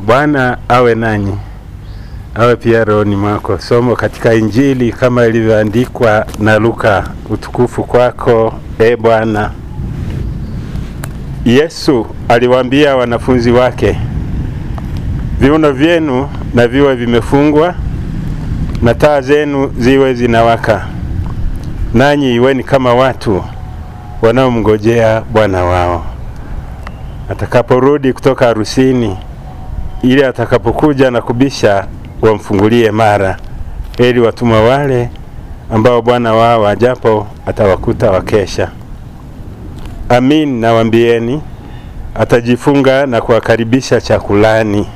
Bwana awe nanyi, awe pia rohoni mwako. Somo katika Injili kama ilivyoandikwa na Luka. Utukufu kwako e Bwana. Yesu aliwaambia wanafunzi wake, viuno vyenu na viwe vimefungwa na taa zenu ziwe zinawaka, nanyi iweni kama watu wanaomngojea bwana wao atakaporudi kutoka harusini ili atakapokuja na kubisha wamfungulie mara. ili watumwa wale ambao bwana wao ajapo atawakuta wakesha. Amin nawaambieni, atajifunga na kuwakaribisha chakulani,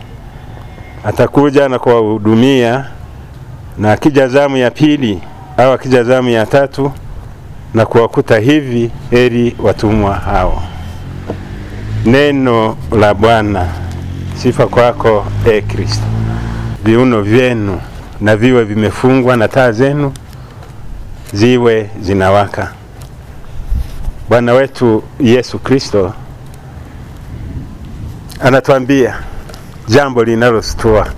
atakuja na kuwahudumia, na akija zamu ya pili au akija zamu ya tatu na kuwakuta hivi, heri watumwa hao. Neno la Bwana. Sifa kwako e Kristo. Viuno vyenu na viwe vimefungwa na taa zenu ziwe zinawaka. Bwana wetu Yesu Kristo anatuambia jambo linalostua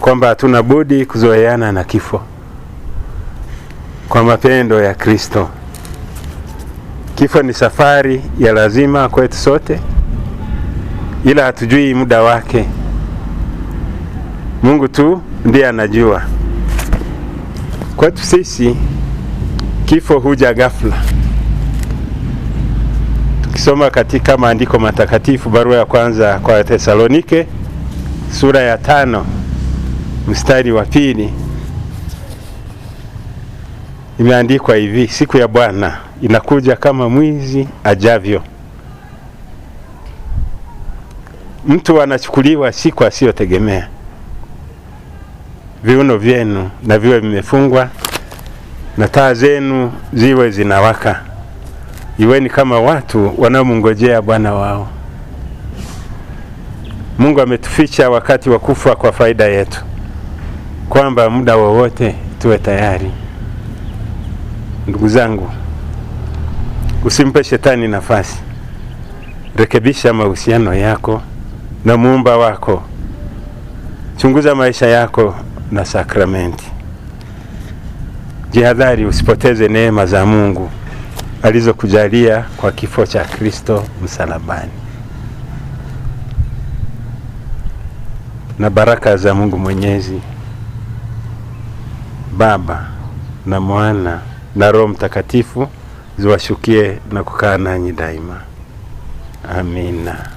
kwamba hatuna budi kuzoeana na kifo kwa mapendo ya Kristo. Kifo ni safari ya lazima kwetu sote ila hatujui muda wake. Mungu tu ndiye anajua. Kwetu sisi kifo huja ghafla. Tukisoma katika maandiko matakatifu, barua ya kwanza kwa thesalonike sura ya tano mstari wa pili imeandikwa hivi: siku ya Bwana inakuja kama mwizi ajavyo mtu anachukuliwa siku asiyotegemea. Viuno vyenu na viwe vimefungwa na taa zenu ziwe zinawaka, iweni kama watu wanaomngojea bwana wao. Mungu ametuficha wakati wa kufa kwa faida yetu, kwamba muda wowote tuwe tayari. Ndugu zangu, usimpe shetani nafasi. Rekebisha mahusiano yako na muumba wako. Chunguza maisha yako na sakramenti. Jihadhari usipoteze neema za Mungu alizokujalia kwa kifo cha Kristo msalabani. Na baraka za Mungu Mwenyezi Baba na Mwana na Roho Mtakatifu ziwashukie na kukaa nanyi daima. Amina.